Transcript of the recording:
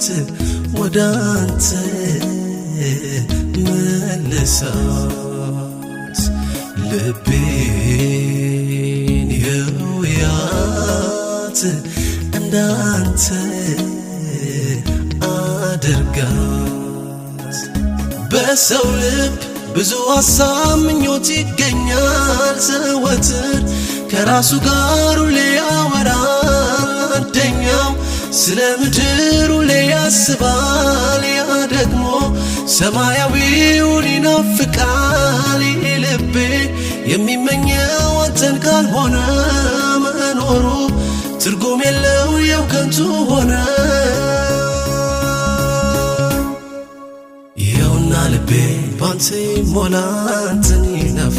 ሕይወት ወደ አንተ መልሳት ልቤን የውያት እንዳንተ አድርጋት በሰው ልብ ብዙ ሀሳብ ምኞት ይገኛል ዘወትር ከራሱ ጋር ሌያወ ስለ ምድሩ ያስባል። ያ ደግሞ ሰማያዊውን ይናፍቃል። ልቤ የሚመኘው አንተን ካልሆነ መኖሩ ትርጉም የለው የው ከንቱ ሆነ። ይኸውና ልቤ ባንተ ሞላ አንተን ነው